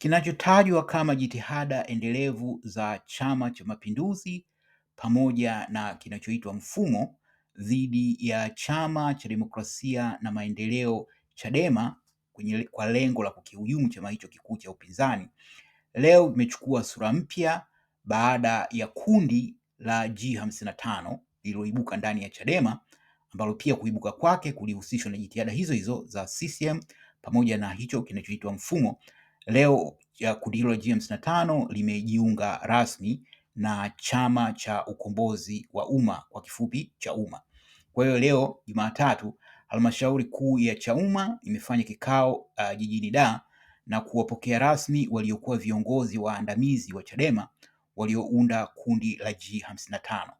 kinachotajwa kama jitihada endelevu za Chama cha Mapinduzi pamoja na kinachoitwa mfumo dhidi ya Chama cha Demokrasia na Maendeleo Chadema kwenye, kwa lengo la kukihujumu chama hicho kikuu cha upinzani. Leo imechukua sura mpya baada ya kundi la G55 lililoibuka ndani ya Chadema ambalo pia kuibuka kwake kulihusishwa na jitihada hizo hizo za CCM pamoja na hicho kinachoitwa mfumo Leo kundi hilo la na tano limejiunga rasmi na chama cha ukombozi wa umma kwa kifupi cha umma Kwa hiyo leo Jumatatu, halmashauri kuu ya CHAUMMA imefanya kikao uh, jijini Dar na kuwapokea rasmi waliokuwa viongozi waandamizi wa CHADEMA waliounda kundi la G55.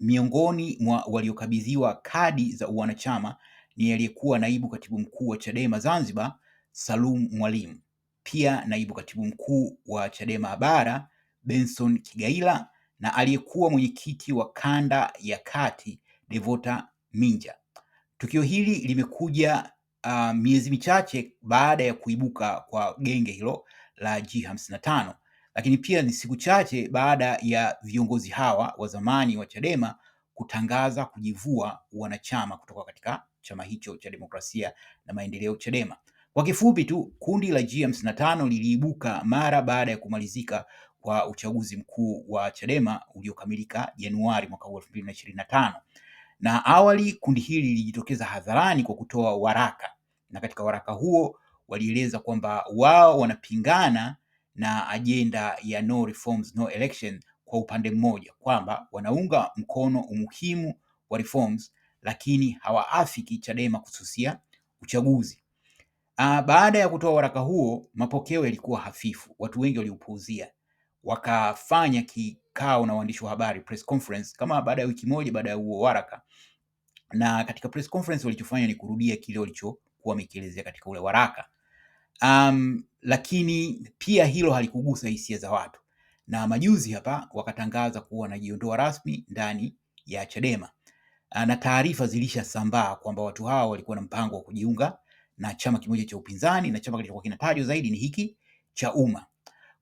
Miongoni mwa waliokabidhiwa kadi za uwanachama ni aliyekuwa naibu katibu mkuu wa CHADEMA Zanzibar, Salum Mwalimu pia naibu katibu mkuu wa Chadema Bara Benson Kigaila na aliyekuwa mwenyekiti wa kanda ya kati Devota Minja. Tukio hili limekuja uh, miezi michache baada ya kuibuka kwa genge hilo la G55, lakini pia ni siku chache baada ya viongozi hawa wa zamani wa Chadema kutangaza kujivua wanachama kutoka katika chama hicho cha Demokrasia na Maendeleo Chadema. Kwa kifupi tu, kundi la G55 liliibuka mara baada ya kumalizika kwa uchaguzi mkuu wa Chadema uliokamilika Januari mwaka 2025. Na awali kundi hili lilijitokeza hadharani kwa kutoa waraka, na katika waraka huo walieleza kwamba wao wanapingana na ajenda ya no reforms no election kwa upande mmoja, kwamba wanaunga mkono umuhimu wa reforms, lakini hawaafiki Chadema kususia uchaguzi. Aa, ah, baada ya kutoa waraka huo, mapokeo yalikuwa hafifu, watu wengi waliupuuzia. Wakafanya kikao na waandishi wa habari, press conference, kama baada ya wiki moja baada ya huo waraka, na katika press conference walichofanya ni kurudia kile walichokuwa wamekielezea katika ule waraka. Um, lakini pia hilo halikugusa hisia za watu, na majuzi hapa wakatangaza kuwa wanajiondoa rasmi ndani ya Chadema ah, na taarifa zilishasambaa kwamba watu hao walikuwa na mpango wa kujiunga na chama kimoja cha upinzani na chama kilichokuwa kinatajwa zaidi ni hiki cha Umma.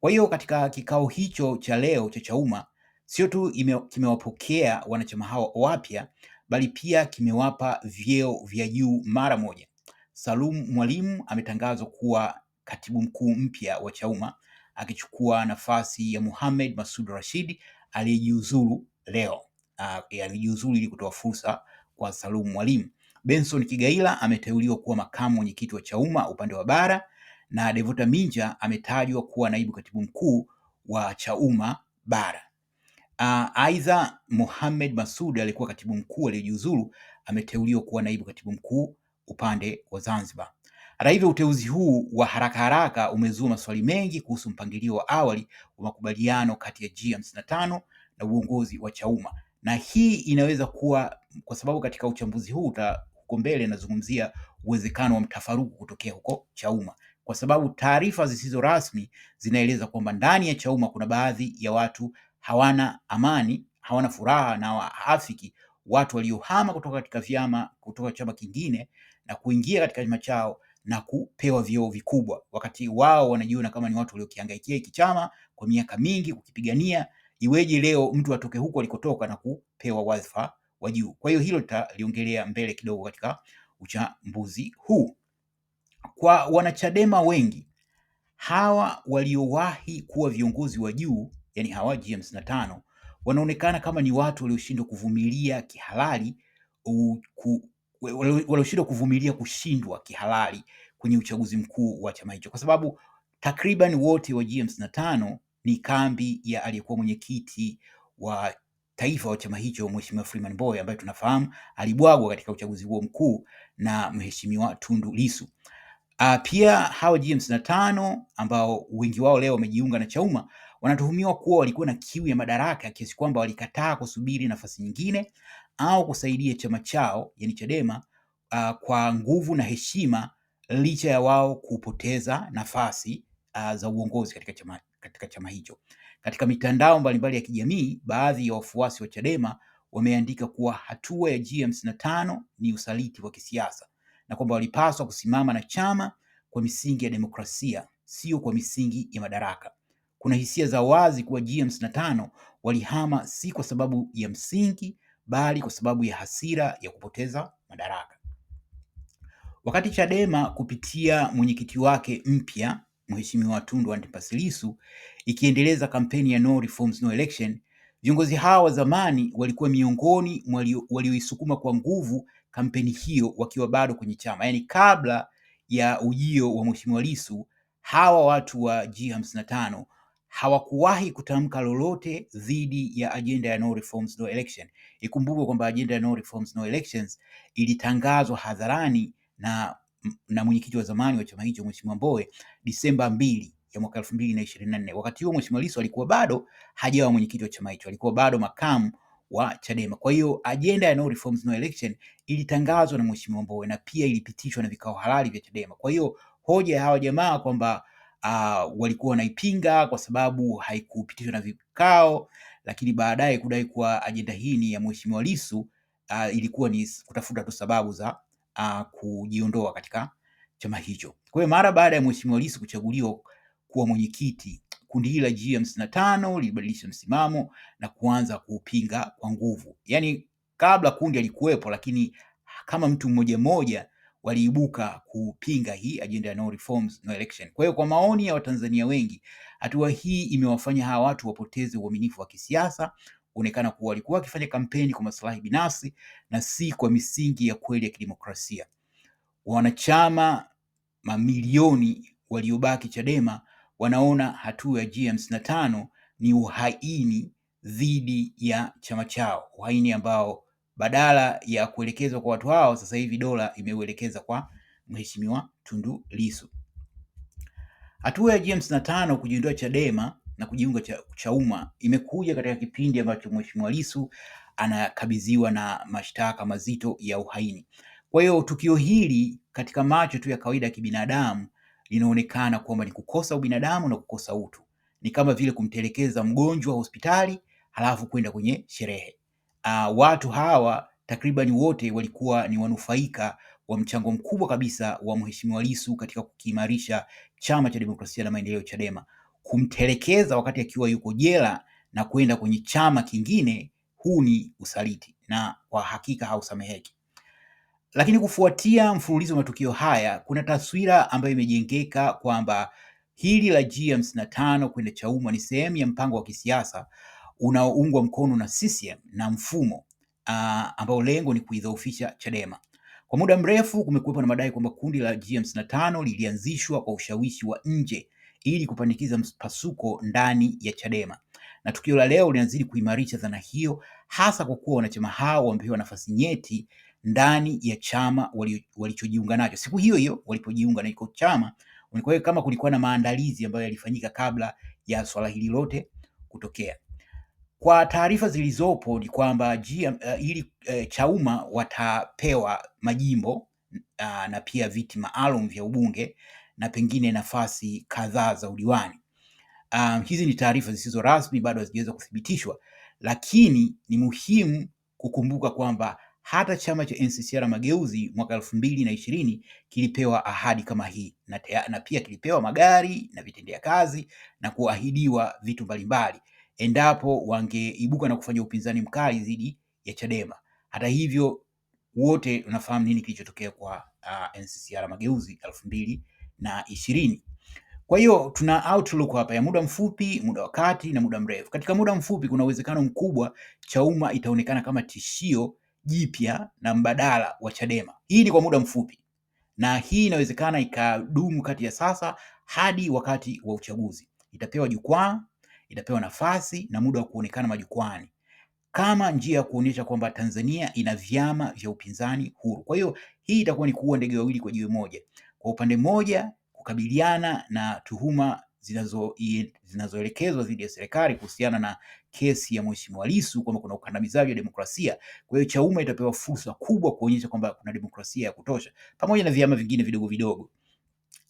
Kwa hiyo katika kikao hicho cha leo cha Chaumma sio tu kimewapokea wanachama hao wapya, bali pia kimewapa vyeo vya juu mara moja. Salum Mwalimu ametangazwa kuwa katibu mkuu mpya wa Chauma akichukua nafasi ya Mohamed Masud Rashid aliyejiuzulu leo. Uh, ah, alijiuzuru ili kutoa fursa kwa Salum Mwalimu. Benson Kigaila ameteuliwa kuwa makamu mwenyekiti wa chaumma upande wa bara na Devota Minja ametajwa kuwa naibu katibu mkuu wa chaumma bara. Aidha, Mohamed Masud aliyekuwa katibu mkuu aliyejiuzulu ameteuliwa kuwa naibu katibu mkuu upande wa Zanzibar. Hata hivyo, uteuzi huu wa haraka haraka umezua maswali mengi kuhusu mpangilio wa awali wa makubaliano kati ya G55 na uongozi wa chaumma na hii inaweza kuwa kwa sababu katika uchambuzi huu huko mbele nazungumzia uwezekano wa mtafaruku kutokea huko Chauma, kwa sababu taarifa zisizo rasmi zinaeleza kwamba ndani ya Chauma kuna baadhi ya watu hawana amani, hawana furaha na waafiki, watu waliohama kutoka katika vyama, kutoka chama kingine na kuingia katika chama chao na kupewa vyeo vikubwa, wakati wao wanajiona kama ni watu waliokihangaikia hiki chama kwa miaka mingi kukipigania. Iweje leo mtu atoke huko alikotoka na kupewa wadhifa wa juu. Kwa hiyo hilo tutaliongelea mbele kidogo katika uchambuzi huu. Kwa wanachadema wengi hawa waliowahi kuwa viongozi wa juu, yani hawa G55 wanaonekana kama ni watu walioshindwa kuvumilia kihalali ku, walioshindwa kuvumilia kushindwa kihalali kwenye uchaguzi mkuu wa chama hicho, kwa sababu takriban wote wa G55 ni kambi ya aliyekuwa mwenyekiti wa taifa wa chama hicho Mheshimiwa Freeman Mbowe ambaye tunafahamu alibwagwa katika uchaguzi huo mkuu na Mheshimiwa Tundu Lissu. Uh, pia hawa G55 ambao wengi wao leo wamejiunga na Chauma wanatuhumiwa kuwa walikuwa na kiu ya madaraka kiasi kwamba walikataa kusubiri nafasi nyingine au kusaidia chama chao yani Chadema uh, kwa nguvu na heshima licha ya wao kupoteza nafasi uh, za uongozi katika chama, katika chama hicho. Katika mitandao mbalimbali ya kijamii, baadhi ya wafuasi wa Chadema wameandika kuwa hatua ya G55 ni usaliti wa kisiasa na kwamba walipaswa kusimama na chama kwa misingi ya demokrasia, sio kwa misingi ya madaraka. Kuna hisia za wazi kuwa G55 walihama si kwa sababu ya msingi, bali kwa sababu ya hasira ya kupoteza madaraka. Wakati Chadema kupitia mwenyekiti wake mpya Mheshimiwa Tundu Antipas Lissu ikiendeleza kampeni ya no reforms no election. Viongozi hawa wa zamani walikuwa miongoni walioisukuma kwa nguvu kampeni hiyo wakiwa bado kwenye chama, yaani kabla ya ujio wa Mheshimiwa Lissu hawa watu wa G55 hawakuwahi kutamka lolote dhidi ya ajenda ya no reforms no election. Ikumbukwe kwamba ajenda ya no reforms no elections ilitangazwa hadharani na na mwenyekiti wa zamani wa chama hicho Mheshimiwa Mbowe Disemba mbili ya mwaka elfu mbili na ishirini na nne. Wakati huo Mheshimiwa Lissu alikuwa bado hajawa mwenyekiti wa chama hicho, alikuwa bado makamu wa Chadema. Kwa hiyo ajenda ya no reforms no election ilitangazwa na Mheshimiwa Mbowe na pia ilipitishwa na vikao halali vya Chadema. Kwa hiyo hoja ya hawa jamaa kwamba uh, walikuwa wanaipinga kwa sababu haikupitishwa na vikao, lakini baadaye kudai kuwa ajenda hii ni ya Mheshimiwa Lissu uh, ilikuwa ni kutafuta tu sababu za uh, kujiondoa katika chama hicho. Kwa hiyo mara baada ya Mheshimiwa Lissu kuchaguliwa kuwa mwenyekiti, kundi hili la G55 lilibadilisha msimamo na kuanza kuupinga kwa nguvu. Yaani kabla kundi alikuwepo, lakini kama mtu mmoja mmoja waliibuka kupinga hii ajenda ya no reforms no election. Kwa hiyo kwa maoni ya Watanzania wengi, hatua hii imewafanya hawa watu wapoteze uaminifu wa kisiasa, kuonekana kuwa walikuwa wakifanya kampeni kwa maslahi binafsi na si kwa misingi ya kweli ya kidemokrasia. Wanachama mamilioni waliobaki Chadema wanaona hatua ya G55 ni uhaini dhidi ya chama chao, uhaini ambao badala ya kuelekezwa kwa watu hao, sasa hivi dola imeuelekeza kwa Mheshimiwa Tundu Lissu. Hatua ya G55 kujiondoa Chadema na kujiunga cha umma imekuja katika kipindi ambacho Mheshimiwa Lissu anakabidhiwa na mashtaka mazito ya uhaini. Kwa hiyo tukio hili katika macho tu ya kawaida ya kibinadamu linaonekana kwamba ni kukosa ubinadamu na kukosa utu. Ni kama vile kumtelekeza mgonjwa hospitali halafu kwenda kwenye sherehe. Uh, watu hawa takriban wote walikuwa ni wanufaika wa mchango mkubwa kabisa wa Mheshimiwa Lissu katika kukiimarisha Chama cha Demokrasia na Maendeleo, Chadema kumtelekeza wakati akiwa yuko jela na kwenda kwenye chama kingine, huu ni usaliti na kwa hakika hausameheki. Lakini kufuatia mfululizo wa matukio haya, kuna taswira ambayo imejengeka kwamba hili la G55 kwenda Chauma ni sehemu ya mpango wa kisiasa unaoungwa mkono na CCM na mfumo uh, ambao lengo ni kuidhoofisha Chadema. Kwa muda mrefu kumekuwepo na madai kwamba kundi la G55 lilianzishwa kwa ushawishi wa nje ili kupandikiza mpasuko ndani ya Chadema na tukio la leo linazidi kuimarisha dhana hiyo, hasa kwa kuwa wanachama hao wamepewa nafasi nyeti ndani ya chama walichojiunga wali nacho siku hiyo hiyo walipojiunga na iko chama. Kwa hiyo kama kulikuwa na maandalizi ambayo yalifanyika kabla ya swala hili lote kutokea. Kwa taarifa zilizopo ni kwamba uh, ili uh, Chauma watapewa majimbo uh, na pia viti maalum vya ubunge na pengine nafasi kadhaa za udiwani. Um, hizi ni taarifa zisizo rasmi, bado hazijaweza kuthibitishwa, lakini ni muhimu kukumbuka kwamba hata chama cha NCCR Mageuzi mwaka elfu mbili na ishirini kilipewa ahadi kama hii na, na pia kilipewa magari na vitendea kazi na kuahidiwa vitu mbalimbali endapo wangeibuka na kufanya upinzani mkali dhidi ya Chadema. Hata hivyo wote unafahamu nini kilichotokea kwa uh, NCCR Mageuzi elfu mbili na ishirini. Kwa hiyo tuna outlook hapa ya muda mfupi, muda wa kati na muda mrefu. Katika muda mfupi, kuna uwezekano mkubwa Chauma itaonekana kama tishio jipya na mbadala wa Chadema. Hii ni kwa muda mfupi, na hii inawezekana ikadumu kati ya sasa hadi wakati wa uchaguzi. Itapewa jukwaa, itapewa nafasi na muda wa kuonekana majukwani kama njia ya kuonyesha kwamba Tanzania ina vyama vya upinzani huru. Kwa hiyo hii itakuwa ni kuua ndege wawili kwa jiwe moja kwa upande mmoja kukabiliana na tuhuma zinazoelekezwa dhidi ya serikali kuhusiana na kesi ya Mheshimiwa Lissu kwamba kuna ukandamizaji wa demokrasia. Kwa hiyo Chauma itapewa fursa kubwa kuonyesha kwamba kuna demokrasia ya kutosha, pamoja na vyama vingine vidogo vidogo.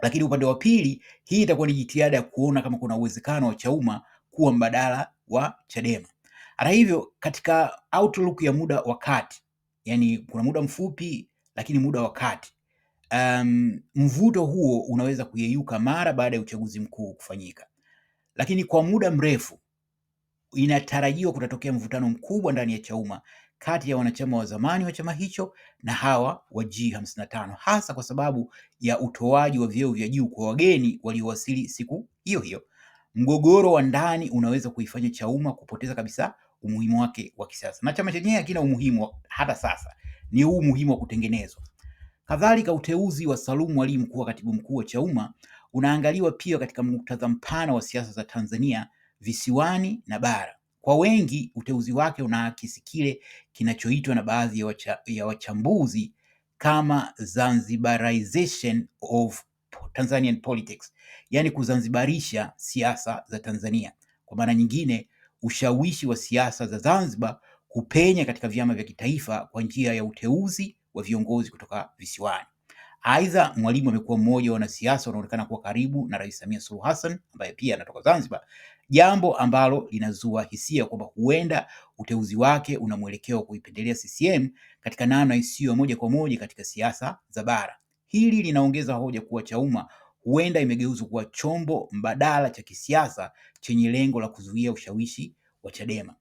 Lakini upande wa pili, hii itakuwa ni jitihada ya kuona kama kuna uwezekano wa Chauma kuwa mbadala wa Chadema. Hata hivyo, katika outlook ya muda wa kati, yani kuna muda mfupi, lakini muda wa kati um, mvuto huo unaweza kuyeyuka mara baada ya uchaguzi mkuu kufanyika, lakini kwa muda mrefu inatarajiwa kutatokea mvutano mkubwa ndani ya Chauma kati ya wanachama wa zamani wa chama hicho na hawa wa G55 hasa kwa sababu ya utoaji wa vyeo vya juu kwa wageni waliowasili siku hiyo hiyo. Mgogoro wa ndani unaweza kuifanya Chauma kupoteza kabisa umuhimu wake wa kisiasa, na chama chenyewe hakina umuhimu hata sasa, ni huu umuhimu wa kutengenezwa. Kadhalika, uteuzi wa Salum Mwalimu kuwa katibu mkuu wa Chauma unaangaliwa pia katika muktadha mpana wa siasa za Tanzania visiwani na bara. Kwa wengi, uteuzi wake unaakisi kile kinachoitwa na baadhi ya, wacha, ya wachambuzi kama Zanzibarization of Tanzanian politics, yaani kuzanzibarisha siasa za Tanzania. Kwa maana nyingine, ushawishi wa siasa za Zanzibar kupenya katika vyama vya kitaifa kwa njia ya uteuzi wa viongozi kutoka visiwani. Aidha, Mwalimu amekuwa mmoja wa wanasiasa wanaonekana kuwa karibu na Rais Samia Suluhu Hassan ambaye pia anatoka Zanzibar, jambo ambalo linazua hisia kwamba huenda uteuzi wake una mwelekeo wa kuipendelea CCM katika namna isiyo moja kwa moja katika siasa za bara. Hili linaongeza hoja kuwa Chauma huenda imegeuzwa kuwa chombo mbadala cha kisiasa chenye lengo la kuzuia ushawishi wa Chadema.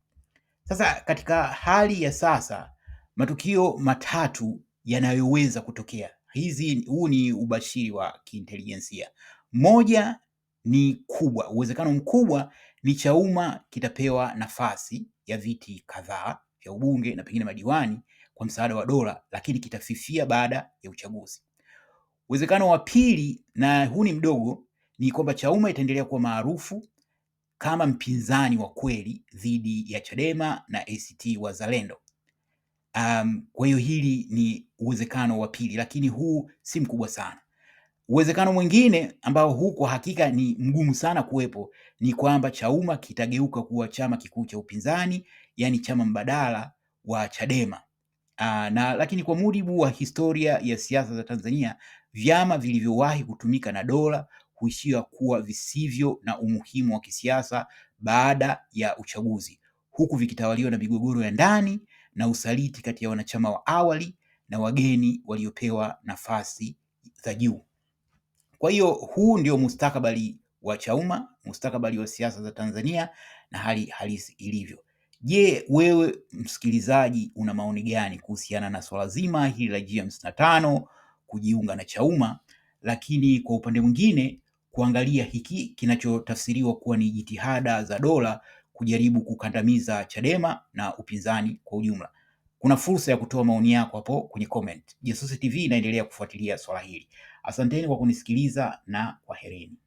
Sasa katika hali ya sasa matukio matatu yanayoweza kutokea. Hizi huu ni ubashiri wa kiintelijensia. Moja ni kubwa, uwezekano mkubwa ni Chauma kitapewa nafasi ya viti kadhaa vya ubunge na pengine madiwani kwa msaada wa dola, lakini kitafifia baada ya uchaguzi. Uwezekano wa pili, na huu ni mdogo, ni kwamba Chauma itaendelea kuwa maarufu kama mpinzani wa kweli dhidi ya Chadema na ACT Wazalendo. Um, kwa hiyo hili ni uwezekano wa pili, lakini huu si mkubwa sana. Uwezekano mwingine ambao huu kwa hakika ni mgumu sana kuwepo ni kwamba Chauma kitageuka kuwa chama kikuu cha upinzani, yani chama mbadala wa Chadema. Aa, na lakini kwa mujibu wa historia ya siasa za Tanzania, vyama vilivyowahi kutumika na dola huishia kuwa visivyo na umuhimu wa kisiasa baada ya uchaguzi, huku vikitawaliwa na migogoro ya ndani na usaliti kati ya wanachama wa awali na wageni waliopewa nafasi za juu. Kwa hiyo huu ndio mustakabali wa Chauma, mustakabali wa siasa za Tanzania na hali halisi ilivyo. Je, wewe msikilizaji una maoni gani kuhusiana na swala zima hili la G55 kujiunga na Chauma, lakini kwa upande mwingine kuangalia hiki kinachotafsiriwa kuwa ni jitihada za dola kujaribu kukandamiza Chadema na upinzani kwa ujumla. Kuna fursa ya kutoa maoni yako hapo kwenye comment. Jasusi TV inaendelea kufuatilia swala hili. Asanteni kwa kunisikiliza na kwaherini.